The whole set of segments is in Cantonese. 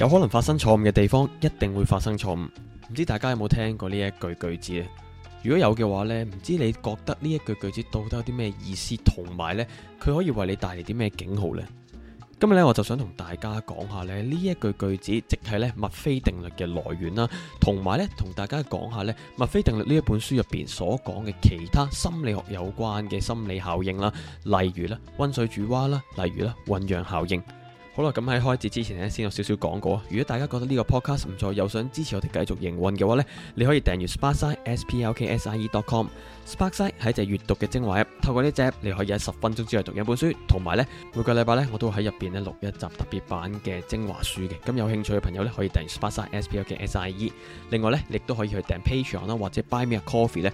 有可能發生錯誤嘅地方，一定會發生錯誤。唔知大家有冇聽過呢一句句子啊？如果有嘅話呢，唔知你覺得呢一句句子到底有啲咩意思，同埋呢，佢可以為你帶嚟啲咩警號呢？今日呢，我就想同大家講下呢呢一句句子，即係呢墨菲定律嘅來源啦，同埋呢同大家講下呢墨菲定律呢一本書入邊所講嘅其他心理學有關嘅心理效應啦，例如呢溫水煮蛙啦，例如啦醞釀效應。好啦，咁喺開始之前呢，先有少少講過。如果大家覺得呢個 podcast 唔錯，又想支持我哋繼續營運嘅話呢，你可以訂閱 Sparkside s, ide, s p l k s i e dot com。s p a r k s i 係一隻閱讀嘅精華 App，透過呢隻 App，你可以喺十分鐘之內讀一本書，同埋呢，每個禮拜呢，我都會喺入邊呢錄一集特別版嘅精華書嘅。咁有興趣嘅朋友呢，可以訂閱 Sparkside s, ide, s p l k s i e。另外呢，你亦都可以去訂 Patreon 啦，或者 Buy Me a Coffee 呢，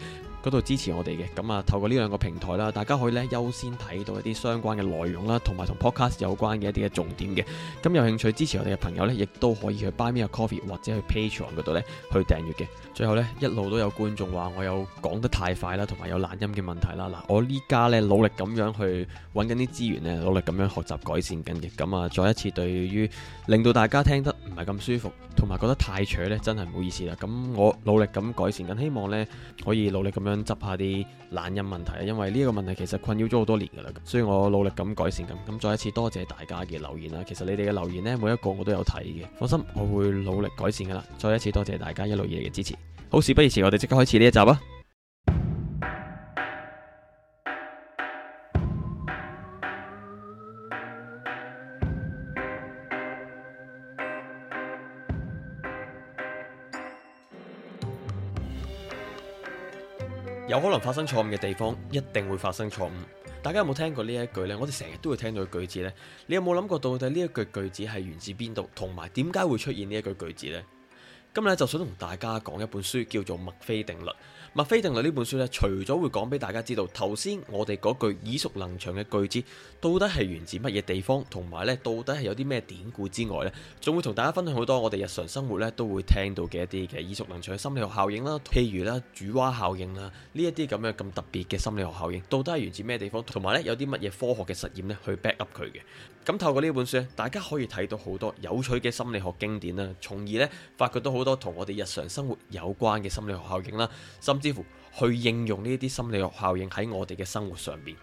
嗰度支持我哋嘅，咁啊，透過呢兩個平台啦，大家可以咧優先睇到一啲相關嘅內容啦，同埋同 podcast 有關嘅一啲嘅重點嘅。咁有興趣支持我哋嘅朋友咧，亦都可以去 Buy Me a Coffee 或者去 Patreon 嗰度咧去訂閱嘅。最後咧，一路都有觀眾話我有講得太快啦，同埋有懶音嘅問題啦。嗱，我呢家咧努力咁樣去揾緊啲資源咧，努力咁樣學習改善緊嘅。咁啊，再一次對於令到大家聽得唔係咁舒服，同埋覺得太扯咧，真係唔好意思啦。咁我努力咁改善緊，希望咧可以努力咁樣。執下啲懶音問題，因為呢一個問題其實困擾咗好多年噶啦，所以我努力咁改善咁。咁再一次多謝大家嘅留言啦。其實你哋嘅留言呢，每一個我都有睇嘅，放心我會努力改善噶啦。再一次多謝大家一路以嚟嘅支持。好事不宜遲，我哋即刻開始呢一集啊！有可能發生錯誤嘅地方，一定會發生錯誤。大家有冇聽過呢一句呢？我哋成日都會聽到嘅句子呢。你有冇諗過到底呢一句句子係源自邊度，同埋點解會出現呢一句句子呢？今日咧就想同大家講一本書，叫做《墨菲定律》。墨菲定律呢本書呢，除咗會講俾大家知道頭先我哋嗰句耳熟能詳嘅句子，到底係源自乜嘢地方，同埋呢到底係有啲咩典故之外呢，仲會同大家分享好多我哋日常生活呢都會聽到嘅一啲嘅耳熟能詳嘅心理學效應啦，譬如啦煮蛙效應啦呢一啲咁樣咁特別嘅心理學效應，到底係源自咩地方，同埋呢有啲乜嘢科學嘅實驗呢去 back up 佢嘅。咁透過呢本書，大家可以睇到好多有趣嘅心理學經典啦，從而咧發掘到好多同我哋日常生活有關嘅心理學效應，甚至乎去應用呢一啲心理學效應喺我哋嘅生活上面。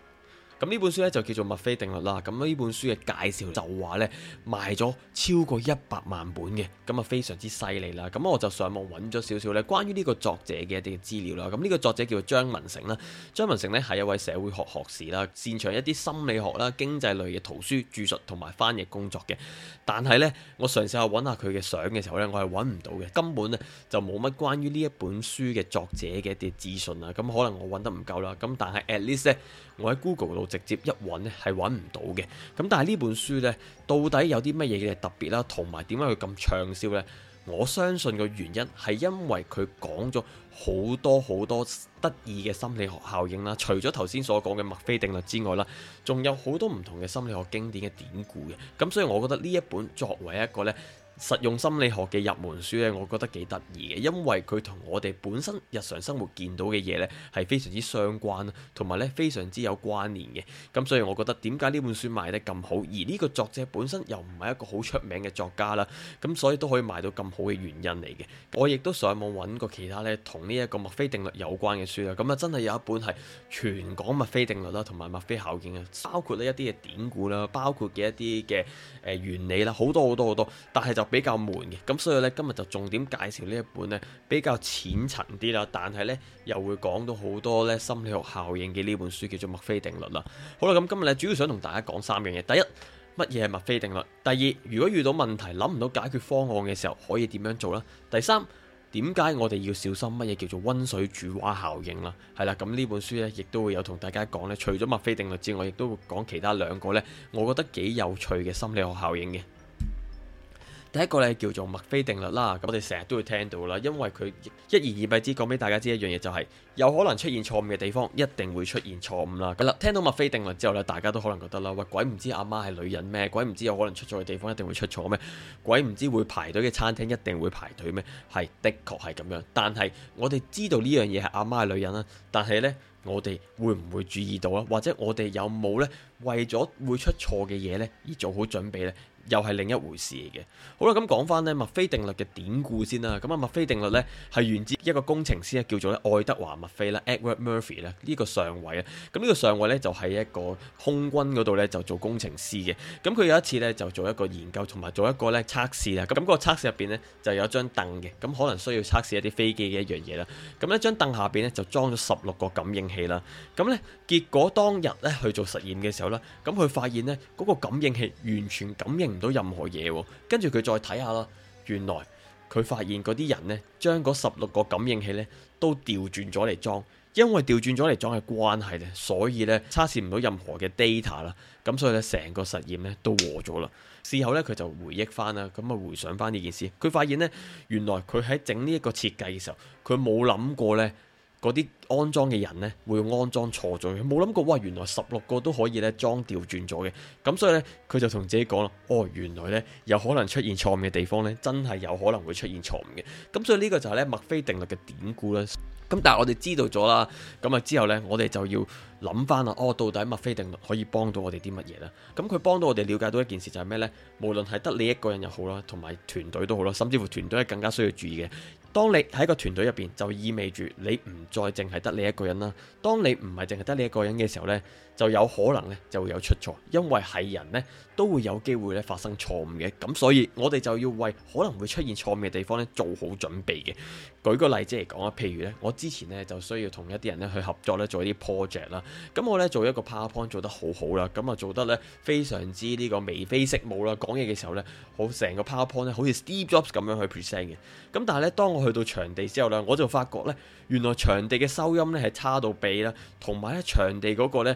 咁呢本書咧就叫做墨菲定律啦。咁呢本書嘅介紹就話呢，賣咗超過一百萬本嘅，咁啊非常之犀利啦。咁我就上網揾咗少少呢關於呢個作者嘅一啲資料啦。咁、這、呢個作者叫做張文成啦。張文成呢，係一位社會學學士啦，擅長一啲心理學啦、經濟類嘅圖書著述同埋翻譯工作嘅。但係呢，我嘗試下揾下佢嘅相嘅時候呢，我係揾唔到嘅，根本咧就冇乜關於呢一本書嘅作者嘅一啲資訊啊。咁可能我揾得唔夠啦。咁但係 at least 我喺 Google 度直接一揾咧，係揾唔到嘅。咁但係呢本書呢，到底有啲乜嘢嘅特別啦，同埋點解佢咁暢銷呢？我相信個原因係因為佢講咗好多好多得意嘅心理學效應啦。除咗頭先所講嘅墨菲定律之外啦，仲有好多唔同嘅心理學經典嘅典故嘅。咁所以我覺得呢一本作為一個呢。實用心理學嘅入門書呢，我覺得幾得意嘅，因為佢同我哋本身日常生活見到嘅嘢呢係非常之相關，同埋呢非常之有關聯嘅。咁所以，我覺得點解呢本書賣得咁好，而呢個作者本身又唔係一個好出名嘅作家啦，咁所以都可以賣到咁好嘅原因嚟嘅。我亦都上網揾過其他呢同呢一個墨菲定律有關嘅書啦，咁啊真係有一本係全講墨菲定律啦，同埋墨菲效應嘅，包括呢一啲嘅典故啦，包括嘅一啲嘅原理啦，好多好多好多，但係就。比較悶嘅，咁所以呢，今日就重點介紹呢一本呢，比較淺層啲啦，但係呢，又會講到好多呢，心理學效應嘅呢本書叫做墨菲定律啦。好啦，咁今日呢，主要想同大家講三樣嘢：第一，乜嘢係墨菲定律；第二，如果遇到問題諗唔到解決方案嘅時候，可以點樣做啦；第三，點解我哋要小心乜嘢叫做溫水煮蛙效應啦？係、啊、啦，咁呢本書呢，亦都會有同大家講呢，除咗墨菲定律之外，亦都會講其他兩個呢，我覺得幾有趣嘅心理學效應嘅。第一個咧叫做墨菲定律啦，咁我哋成日都會聽到啦，因為佢一言以蔽之，講俾大家知一樣嘢就係，有可能出現錯誤嘅地方，一定會出現錯誤啦。咁啦，聽到墨菲定律之後呢，大家都可能覺得啦，喂、呃，鬼唔知阿媽係女人咩？鬼唔知有可能出錯嘅地方一定會出錯咩？鬼唔知會排隊嘅餐廳一定會排隊咩？係的確係咁樣，但係我哋知道呢樣嘢係阿媽係女人啦，但係呢，我哋會唔會注意到啊？或者我哋有冇呢？為咗會出錯嘅嘢呢，而做好準備呢？又係另一回事嚟嘅。好啦，咁講翻呢墨菲定律嘅典故先啦。咁啊，墨菲定律呢係源自一個工程師呢，叫做呢愛德華墨菲啦 （Edward Murphy） 啦。呢個上尉啊。咁呢個上尉呢，就喺一個空軍嗰度呢，就做工程師嘅。咁佢有一次呢，就做一個研究同埋做一個呢測試啦。咁個測試入邊呢，就有一張凳嘅。咁可能需要測試一啲飛機嘅一樣嘢啦。咁呢張凳下邊呢，就裝咗十六個感應器啦。咁呢結果當日呢，去做實驗嘅時候呢，咁佢發現呢，嗰個感應器完全感應唔到任何嘢，跟住佢再睇下啦。原來佢發現嗰啲人呢，將嗰十六個感應器呢都調轉咗嚟裝，因為調轉咗嚟裝嘅關係呢，所以呢測試唔到任何嘅 data 啦。咁所以呢，成個實驗呢都和咗啦。事後呢，佢就回憶翻啦，咁啊回想翻呢件事，佢發現呢，原來佢喺整呢一個設計嘅時候，佢冇諗過呢。嗰啲安裝嘅人呢，會安裝錯咗嘅，冇諗過哇！原來十六個都可以呢裝掉轉咗嘅，咁所以呢，佢就同自己講啦：哦，原來呢，有可能出現錯誤嘅地方呢，真係有可能會出現錯誤嘅。咁所以呢個就係呢墨菲定律嘅典故啦。咁但係我哋知道咗啦，咁啊之後呢，我哋就要諗返啦。哦，到底墨菲定律可以幫到我哋啲乜嘢呢？咁佢幫到我哋了解到一件事就係咩呢？無論係得你一個人又好啦，同埋團隊都好啦，甚至乎團隊係更加需要注意嘅。當你喺個團隊入邊，就意味住你唔再淨係得你一個人啦。當你唔係淨係得你一個人嘅時候呢，就有可能咧就會有出錯，因為係人咧都會有機會咧發生錯誤嘅，咁所以我哋就要為可能會出現錯誤嘅地方咧做好準備嘅。舉個例子嚟講啊，譬如咧我之前咧就需要同一啲人咧去合作咧做一啲 project 啦，咁我咧做一個 PowerPoint 做得好好啦，咁啊做得咧非常之呢個眉飛色舞啦，講嘢嘅時候咧好成個 PowerPoint 咧好似 Steve Jobs 咁樣去 present 嘅，咁但係咧當我去到場地之後咧，我就發覺咧原來場地嘅收音咧係差到痹啦，同埋咧場地嗰個咧。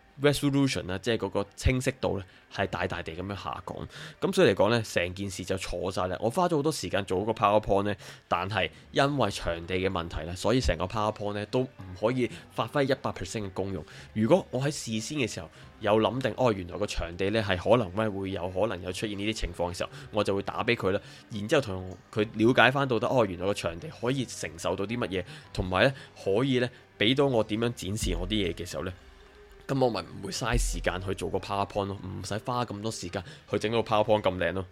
resolution 啦，即係嗰個清晰度咧，係大大地咁樣下降。咁所以嚟講咧，成件事就錯晒啦。我花咗好多時間做嗰個 PowerPoint 咧，但係因為場地嘅問題咧，所以成個 PowerPoint 咧都唔可以發揮一百 percent 嘅功用。如果我喺事先嘅時候有諗定，哦，原來個場地咧係可能咩會有可能有出現呢啲情況嘅時候，我就會打俾佢啦。然之後同佢了解翻到底，哦，原來個場地可以承受到啲乜嘢，同埋咧可以咧俾到我點樣展示我啲嘢嘅時候咧。咁我咪唔會嘥時間去做個 powerpoint 咯，唔使花咁多時間去整到個 powerpoint 咁靚咯。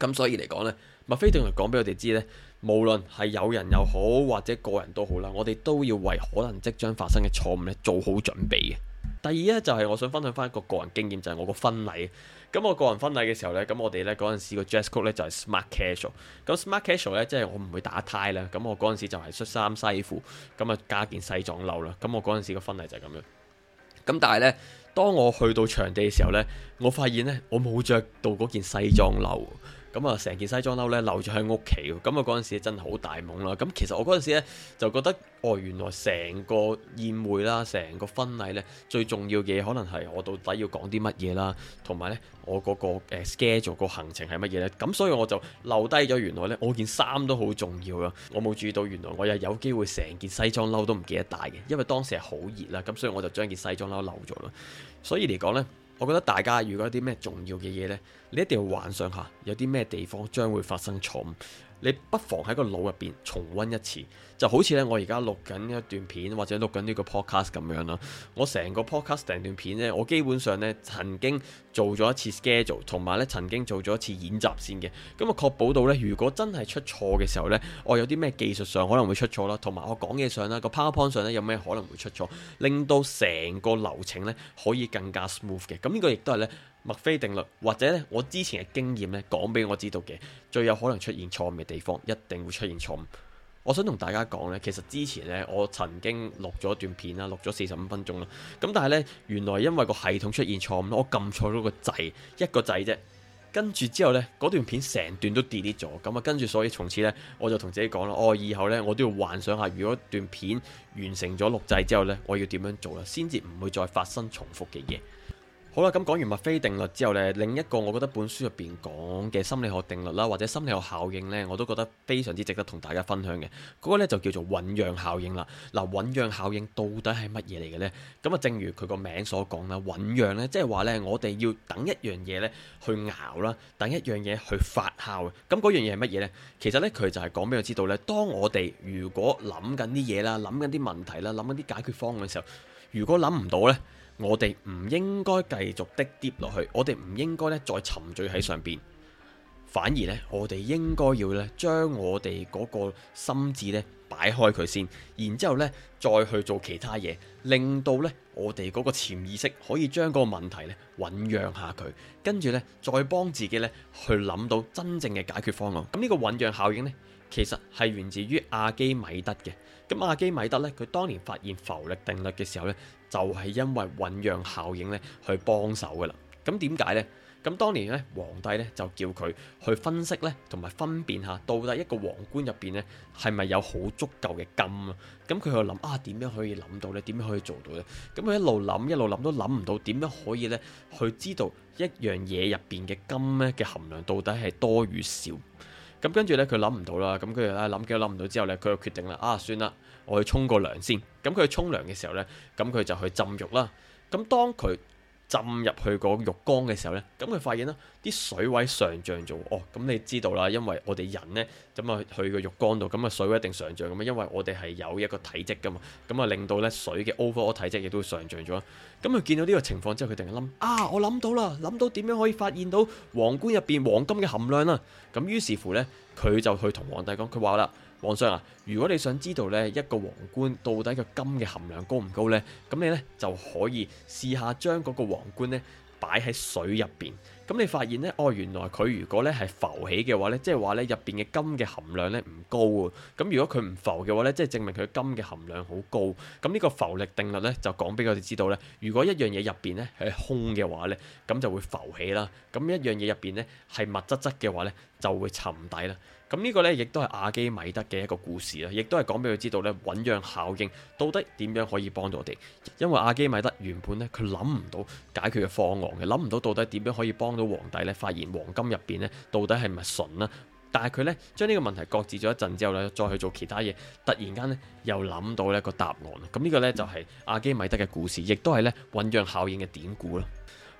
咁所以嚟講呢，莫非定律講俾我哋知呢，無論係有人又好或者個人都好啦，我哋都要為可能即將發生嘅錯誤呢做好準備嘅。第二呢，就係我想分享翻一個個人經驗，就係、是、我個婚禮。咁我個人婚禮嘅時候呢，咁我哋呢嗰陣時個 dress code 呢，就係 smart casual。咁 smart casual 呢，即係我唔會打 tie 啦。咁我嗰陣時就係恤衫西褲，咁啊加件西裝褸啦。咁我嗰陣時個婚禮就係咁樣。咁但係咧，當我去到場地嘅時候咧，我發現咧，我冇着到嗰件西裝褸。咁啊，成件西裝褸呢，留咗喺屋企，咁啊嗰陣時真係好大懵啦！咁其實我嗰陣時呢就覺得，哦，原來成個宴會啦，成個婚禮呢，最重要嘅可能係我到底要講啲乜嘢啦，同埋呢，我嗰個 schedule 個行程係乜嘢呢。咁所以我就留低咗，原來呢，我件衫都好重要咯，我冇注意到，原來我又有機會成件西裝褸都唔記得帶嘅，因為當時係好熱啦，咁所以我就將件西裝褸留咗咯。所以嚟講呢。我覺得大家如果有啲咩重要嘅嘢呢，你一定要幻想下有啲咩地方將會發生錯誤。你不妨喺個腦入邊重溫一次，就好似咧我而家錄緊一段片或者錄緊呢個 podcast 咁樣啦。我成個 podcast 成段片呢，我基本上呢曾經做咗一次 schedule，同埋呢曾經做咗一次演習先嘅。咁啊，確保到呢，如果真係出錯嘅時候呢，我有啲咩技術上可能會出錯啦，同埋我講嘢上啦，個 powerpoint 上呢，有咩可能會出錯，令到成個流程呢可以更加 smooth 嘅。咁呢個亦都係呢。墨菲定律，或者呢，我之前嘅經驗呢，講俾我知道嘅，最有可能出現錯誤嘅地方，一定會出現錯誤。我想同大家講呢，其實之前呢，我曾經錄咗一段片啦，錄咗四十五分鐘啦。咁但係呢，原來因為個系統出現錯誤，我撳錯咗個掣，一個掣啫。跟住之後呢，嗰段片成段都 delete 咗。咁啊，跟住所以從此呢，我就同自己講啦，我、哦、以後呢，我都要幻想下，如果一段片完成咗錄製之後呢，我要點樣做啊，先至唔會再發生重複嘅嘢。好啦，咁講完墨菲定律之後呢，另一個我覺得本書入邊講嘅心理學定律啦，或者心理學效應呢，我都覺得非常之值得同大家分享嘅。嗰、那個呢就叫做醞釀效應啦。嗱、嗯，醞釀效應到底係乜嘢嚟嘅呢？咁啊，正如佢個名所講啦，醞釀呢，即係話呢，我哋要等一樣嘢呢去熬啦，等一樣嘢去發酵。咁嗰樣嘢係乜嘢呢？其實呢，佢就係講俾我知道呢，當我哋如果諗緊啲嘢啦，諗緊啲問題啦，諗緊啲解決方案嘅時候，如果諗唔到呢。我哋唔應該繼續的跌落去，我哋唔應該咧再沉醉喺上邊，反而呢，我哋應該要咧將我哋嗰個心智呢擺開佢先，然之後咧再去做其他嘢，令到呢，我哋嗰個潛意識可以將嗰個問題咧醞釀下佢，跟住呢，再幫自己呢去諗到真正嘅解決方案。咁呢個醞釀效應呢，其實係源自於阿基米德嘅。咁阿基米德呢，佢當年發現浮力定律嘅時候呢。就係因為醞釀效應咧，去幫手噶啦。咁點解呢？咁當年咧，皇帝咧就叫佢去分析咧，同埋分辨下到底一個王冠入邊咧係咪有好足夠嘅金啊？咁佢又諗啊，點樣可以諗到呢？點樣可以做到呢？咁佢一路諗一路諗都諗唔到，點樣可以咧去知道一樣嘢入邊嘅金咧嘅含量到底係多與少？咁跟住咧，佢諗唔到啦。咁佢啊諗幾多諗唔到之後咧，佢就決定啦。啊，算啦，我去沖個涼先。咁佢去沖涼嘅時候咧，咁佢就去浸浴啦。咁當佢浸入去個浴缸嘅時候呢，咁佢發現啦，啲水位上漲咗。哦，咁你知道啦，因為我哋人呢，咁啊去個浴缸度，咁啊水位一定上漲，咁啊，因為我哋係有一個體積噶嘛，咁啊令到呢水嘅 overall 體，體積亦都上漲咗。咁佢見到呢個情況之後，佢突然諗，啊，我諗到啦，諗到點樣可以發現到皇冠入邊黃金嘅含量啦。咁於是乎呢，佢就去同皇帝講，佢話啦。皇上啊，如果你想知道呢一個皇冠到底個金嘅含量高唔高呢，咁你呢就可以試下將嗰個皇冠呢擺喺水入邊，咁你發現呢，哦，原來佢如果呢係浮起嘅話呢，即係話呢入邊嘅金嘅含量呢唔高啊，咁如果佢唔浮嘅話呢，即係證明佢金嘅含量好高。咁呢個浮力定律呢，就講俾我哋知道呢，如果一樣嘢入邊呢係空嘅話呢，咁就會浮起啦，咁一樣嘢入邊呢係密質質嘅話呢，就會沉底啦。咁呢個呢，亦都係阿基米德嘅一個故事啦，亦都係講俾佢知道呢，醞釀效應到底點樣可以幫到我哋。因為阿基米德原本呢，佢諗唔到解決嘅方案嘅，諗唔到到底點樣可以幫到皇帝呢，發現黃金入邊呢到底係咪純啦。但係佢呢，將呢個問題擱置咗一陣之後呢，再去做其他嘢，突然間呢，又諗到呢個答案啦。咁呢個呢，就係阿基米德嘅故事，亦都係呢醞釀效應嘅典故啦。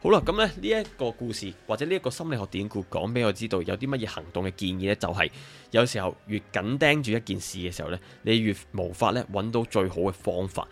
好啦，咁咧呢一個故事或者呢一個心理學典故，講俾我知道有啲乜嘢行動嘅建議呢？就係、是、有時候越緊盯住一件事嘅時候呢，你越無法咧揾到最好嘅方法。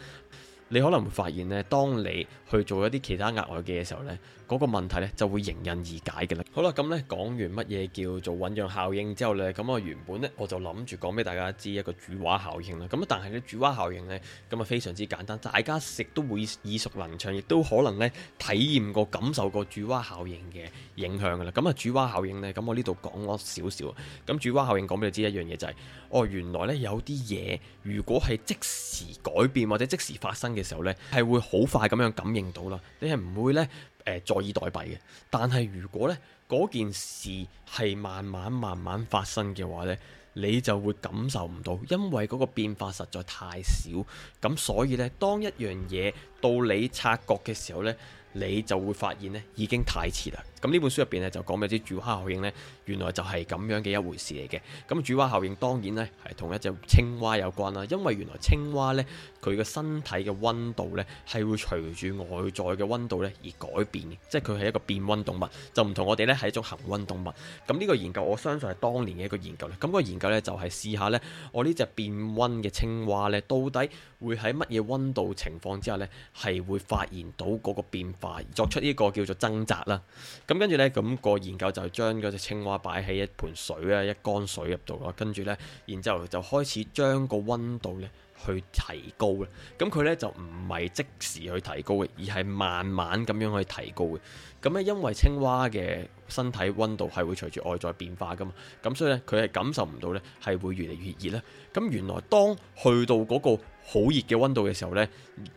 你可能會發現咧，當你去做一啲其他額外嘅嘢時候呢嗰，那個問題咧就會迎刃而解嘅啦。好啦，咁呢講完乜嘢叫做醞釀效應之後呢，咁我原本呢，我就諗住講俾大家知一個煮蛙效應啦。咁但係呢煮蛙效應呢，咁啊非常之簡單，大家食都會耳熟能詳，亦都可能呢體驗過，感受過煮蛙效應嘅影響噶啦。咁啊，煮蛙效應呢，咁我呢度講咗少少。咁煮蛙效應講俾你知一樣嘢就係，是，哦，原來呢有啲嘢如果係即時改變或者即時發生嘅。時候咧，係會好快咁樣感應到啦，你係唔會呢誒坐以待斃嘅。但係如果呢嗰件事係慢慢慢慢發生嘅話呢，你就會感受唔到，因為嗰個變化實在太少。咁所以呢，當一樣嘢。到你察覺嘅時候呢，你就會發現呢已經太遲啦。咁呢本書入邊呢，就講咩？啲煮蛙效應呢，原來就係咁樣嘅一回事嚟嘅。咁煮蛙效應當然呢，係同一隻青蛙有關啦，因為原來青蛙呢，佢嘅身體嘅温度呢，係會隨住外在嘅温度呢而改變嘅，即係佢係一個變温動物，就唔同我哋呢係一種恒温動物。咁呢個研究我相信係當年嘅一個研究咧，咁、個研究呢，就係、係、試下呢，我呢隻變温嘅青蛙呢，到底會喺乜嘢温度情況之下呢？係會發現到嗰個變化，作出呢個叫做掙扎啦。咁跟住呢，咁個研究就將嗰隻青蛙擺喺一盆水啊，一缸水入度咯。跟住呢，然之後就開始將個温度呢去提高咧。咁佢呢就唔係即時去提高嘅，而係慢慢咁樣去提高嘅。咁呢，因為青蛙嘅身體温度係會隨住外在變化噶嘛。咁所以呢，佢係感受唔到呢係會越嚟越熱啦。咁原來當去到嗰個好熱嘅溫度嘅時候呢，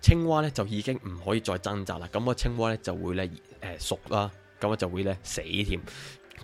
青蛙呢就已經唔可以再掙扎啦，咁個青蛙呢就會呢誒熟啦，咁啊就會呢死添。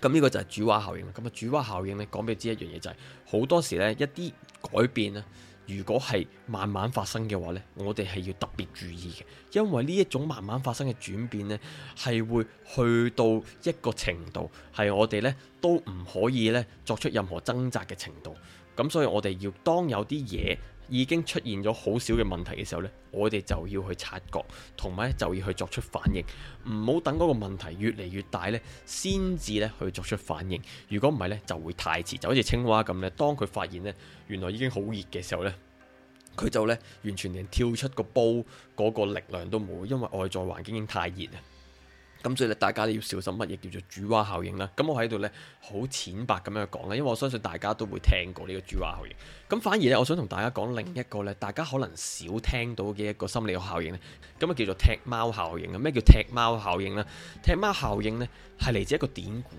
咁呢個就係煮蛙效應啦。咁個煮蛙效應呢，講俾你知一樣嘢就係，好多時呢，一啲改變呢，如果係慢慢發生嘅話呢，我哋係要特別注意嘅，因為呢一種慢慢發生嘅轉變呢，係會去到一個程度，係我哋呢都唔可以呢作出任何掙扎嘅程度。咁所以我哋要當有啲嘢，已經出現咗好少嘅問題嘅時候呢，我哋就要去察覺，同埋就要去作出反應，唔好等嗰個問題越嚟越大呢，先至呢去作出反應。如果唔係呢就會太遲，就好似青蛙咁呢，當佢發現呢，原來已經好熱嘅時候呢，佢就呢完全連跳出個煲嗰個力量都冇，因為外在環境已經太熱啊。咁所以大家都要小心乜嘢叫做煮蛙效應啦。咁我喺度呢，好淺白咁樣去講啦，因為我相信大家都會聽過呢個煮蛙效應。咁反而呢，我想同大家講另一個呢，大家可能少聽到嘅一個心理學效應呢，咁啊叫做踢貓效應啊。咩叫踢貓效應呢？踢貓效應呢係嚟自一個典故。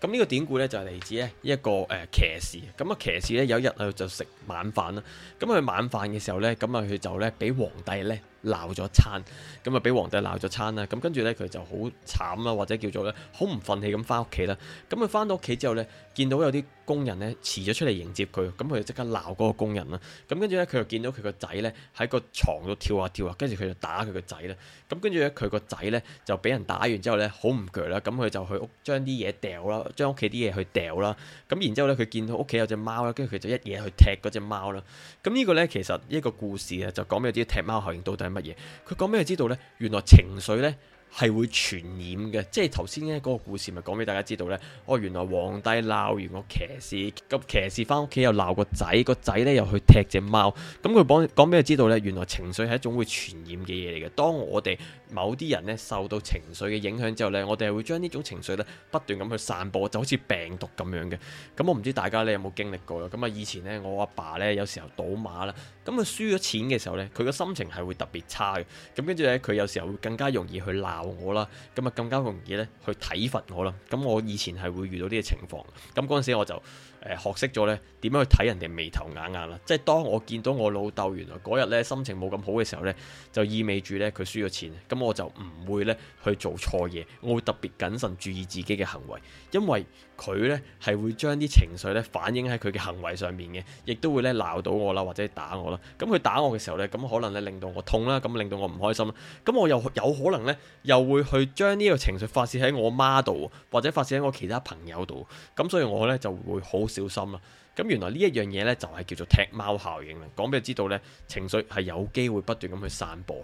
咁呢個典故呢，就係嚟自咧一個誒騎士。咁啊騎士呢，有一日啊就食晚飯啦。咁佢晚飯嘅時候呢，咁啊佢就呢，俾皇帝呢。鬧咗餐，咁啊俾皇帝鬧咗餐啦，咁跟住咧佢就好慘啦，或者叫做咧好唔憤氣咁翻屋企啦，咁佢翻到屋企之後咧，見到有啲工人咧遲咗出嚟迎接佢，咁佢就即刻鬧嗰個工人啦，咁跟住咧佢就見到佢個仔咧喺個床度跳下跳下，跟住佢就打佢個仔啦，咁跟住咧佢個仔咧就俾人打完之後咧好唔捱啦，咁佢就去屋將啲嘢掉啦，將屋企啲嘢去掉啦，咁然之後咧佢見到屋企有隻貓啦，跟住佢就一嘢去踢嗰隻貓啦，咁呢個咧其實一個故事啊，就講俾啲踢貓效應到底乜嘢？佢講咩知道咧？原來情緒咧，係會傳染嘅，即係頭先呢嗰個故事咪講俾大家知道呢？哦，原來皇帝鬧完個騎士，咁騎士翻屋企又鬧個仔，個仔呢又去踢隻貓。咁佢講講俾你知道呢，原來情緒係一種會傳染嘅嘢嚟嘅。當我哋某啲人呢受到情緒嘅影響之後呢，我哋係會將呢種情緒呢不斷咁去散播，就好似病毒咁樣嘅。咁我唔知大家呢有冇經歷過啦。咁啊，以前呢，我阿爸，爸呢，有時候賭馬啦，咁佢輸咗錢嘅時候呢，佢個心情係會特別差嘅。咁跟住呢，佢有時候會更加容易去鬧。我啦，咁啊更加容易咧去體罰我啦。咁我以前係會遇到呢個情況，咁嗰陣時我就誒、呃、學識咗咧點樣去睇人哋眉頭眼額啦。即係當我見到我老豆原來嗰日咧心情冇咁好嘅時候咧，就意味住咧佢輸咗錢。咁我就唔會咧去做錯嘢，我會特別謹慎注意自己嘅行為，因為。佢呢係會將啲情緒咧反映喺佢嘅行為上面嘅，亦都會咧鬧到我啦，或者打我啦。咁佢打我嘅時候呢，咁可能咧令到我痛啦，咁令到我唔開心啦。咁我又有，有可能呢，又會去將呢個情緒發泄喺我媽度，或者發泄喺我其他朋友度。咁所以我呢就會好小心啦。咁原來呢一樣嘢呢，就係叫做踢貓效應啦。講俾我知道呢，情緒係有機會不斷咁去散播。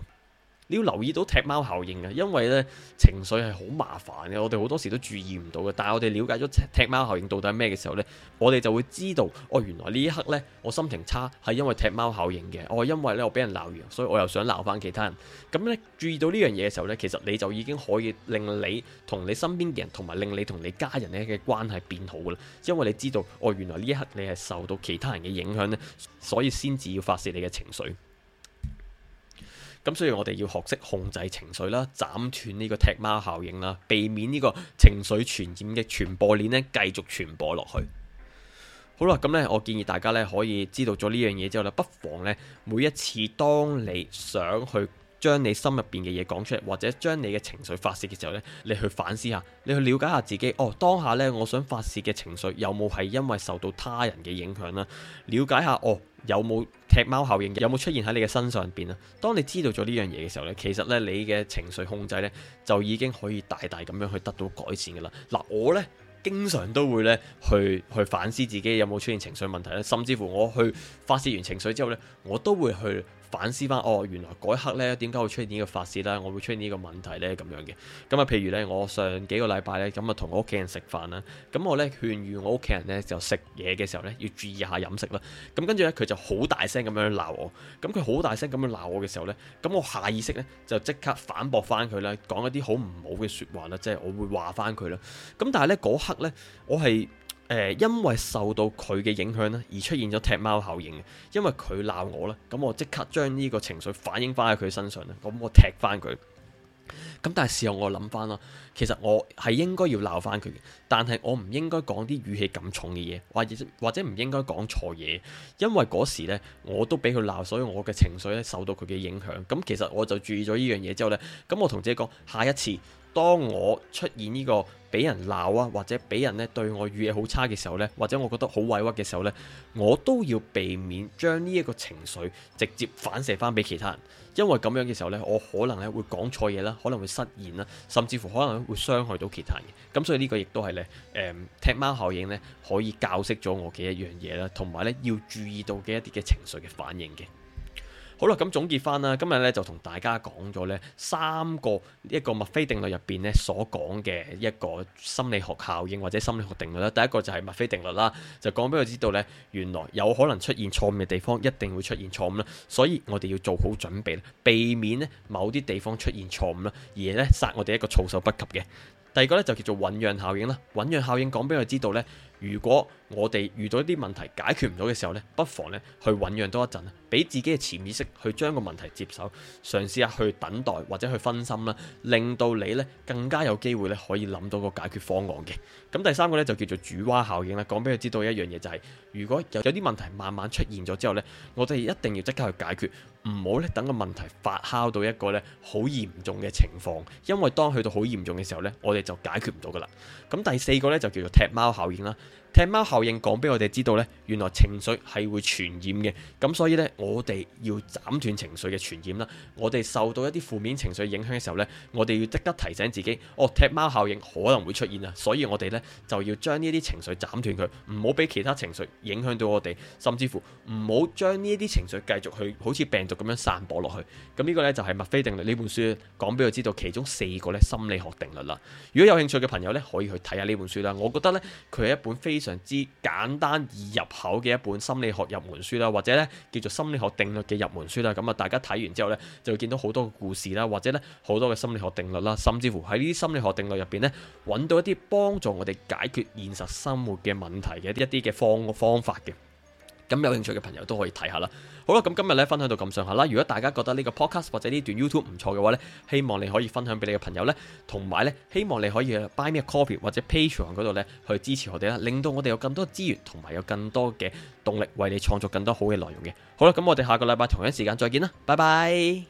你要留意到踢貓效應呀，因為咧情緒係好麻煩嘅，我哋好多時都注意唔到嘅。但係我哋了解咗踢貓效應到底係咩嘅時候呢，我哋就會知道哦，原來呢一刻呢，我心情差係因為踢貓效應嘅，我、哦、因為呢，我俾人鬧完，所以我又想鬧返其他人。咁呢，注意到呢樣嘢嘅時候呢，其實你就已經可以令你同你身邊嘅人，同埋令你同你家人呢嘅關係變好噶啦，因為你知道哦，原來呢一刻你係受到其他人嘅影響呢，所以先至要發泄你嘅情緒。咁所以，我哋要學識控制情緒啦，斬斷呢個踢貓效應啦，避免呢個情緒傳染嘅傳播鏈呢繼續傳播落去。好啦，咁呢，我建議大家呢可以知道咗呢樣嘢之後呢，不妨呢每一次當你想去將你心入邊嘅嘢講出嚟，或者將你嘅情緒發泄嘅時候呢，你去反思下，你去了解下自己。哦，當下呢我想發泄嘅情緒有冇係因為受到他人嘅影響啦？了解下，哦，有冇？踢貓效應有冇出現喺你嘅身上邊啊？當你知道咗呢樣嘢嘅時候呢，其實呢你嘅情緒控制呢，就已經可以大大咁樣去得到改善噶啦。嗱，我呢，經常都會呢去去反思自己有冇出現情緒問題呢，甚至乎我去發泄完情緒之後呢，我都會去。反思翻，哦，原來嗰一刻呢，點解會出現呢個發泄呢？我會出現呢個問題呢，咁樣嘅。咁啊，譬如呢，我上幾個禮拜呢，咁啊，同我屋企人食飯啦。咁我呢，勸喻我屋企人呢，就食嘢嘅時候呢，要注意下飲食啦。咁跟住呢，佢就好大聲咁樣鬧我。咁佢好大聲咁樣鬧我嘅時候呢，咁我下意識呢，就即刻反駁翻佢啦，講一啲好唔好嘅説話啦，即係我會話翻佢啦。咁但係呢，嗰刻呢，我係。因為受到佢嘅影響咧，而出現咗踢貓效應嘅。因為佢鬧我咧，咁我即刻將呢個情緒反映翻喺佢身上咧，咁我踢翻佢。咁但係事後我諗翻啦，其實我係應該要鬧翻佢，但係我唔應該講啲語氣咁重嘅嘢，或者或者唔應該講錯嘢。因為嗰時呢，我都俾佢鬧，所以我嘅情緒咧受到佢嘅影響。咁其實我就注意咗呢樣嘢之後呢，咁我同自己講下一次。當我出現呢個俾人鬧啊，或者俾人咧對我語氣好差嘅時候呢，或者我覺得好委屈嘅時候呢，我都要避免將呢一個情緒直接反射翻俾其他人，因為咁樣嘅時候呢，我可能咧會講錯嘢啦，可能會失言啦，甚至乎可能會傷害到其他人。咁所以個呢個亦都係咧，誒、呃，踢貓效應呢，可以教識咗我嘅一樣嘢啦，同埋呢要注意到嘅一啲嘅情緒嘅反應嘅。好啦，咁總結翻啦，今日咧就同大家講咗咧三個一個墨菲定律入邊咧所講嘅一個心理學效應或者心理學定律啦。第一個就係墨菲定律啦，就講俾佢知道咧，原來有可能出現錯誤嘅地方，一定會出現錯誤啦，所以我哋要做好準備，避免咧某啲地方出現錯誤啦，而咧殺我哋一個措手不及嘅。第二個咧就叫做醞釀效應啦，醞釀效應講俾佢知道咧，如果，我哋遇到一啲問題解決唔到嘅時候呢，不妨呢去醖釀多一陣，俾自己嘅潛意識去將個問題接手，嘗試下去等待或者去分心啦，令到你呢更加有機會呢可以諗到個解決方案嘅。咁第三個呢就叫做主蛙效應啦，講俾佢知道一樣嘢就係，如果有有啲問題慢慢出現咗之後呢，我哋一定要即刻去解決，唔好呢等個問題發酵到一個呢好嚴重嘅情況，因為當去到好嚴重嘅時候呢，我哋就解決唔到噶啦。咁第四個呢就叫做踢貓效應啦。踢貓效應講俾我哋知道呢，原來情緒係會傳染嘅，咁所以呢，我哋要斬斷情緒嘅傳染啦。我哋受到一啲負面情緒影響嘅時候呢，我哋要即刻提醒自己，哦，踢貓效應可能會出現啊，所以我哋呢，就要將呢啲情緒斬斷佢，唔好俾其他情緒影響到我哋，甚至乎唔好將呢啲情緒繼續去好似病毒咁樣散播落去。咁呢個呢，就係墨菲定律呢本書講俾我哋知道其中四個呢，心理學定律啦。如果有興趣嘅朋友呢，可以去睇下呢本書啦。我覺得呢，佢係一本非。非常之簡單易入口嘅一本心理學入門書啦，或者咧叫做心理學定律嘅入門書啦，咁啊大家睇完之後咧，就會見到好多嘅故事啦，或者咧好多嘅心理學定律啦，甚至乎喺呢啲心理學定律入邊咧，揾到一啲幫助我哋解決現實生活嘅問題嘅一啲嘅方方法嘅。咁有興趣嘅朋友都可以睇下啦。好啦，咁今日咧分享到咁上下啦。如果大家覺得呢個 podcast 或者呢段 YouTube 唔錯嘅話呢，希望你可以分享俾你嘅朋友呢，同埋呢，希望你可以去 buy me a coffee 或者 Patreon 嗰度呢去支持我哋啦，令到我哋有更多資源同埋有更多嘅動力，為你創造更多好嘅內容嘅。好啦，咁我哋下個禮拜同一時間再見啦，拜拜。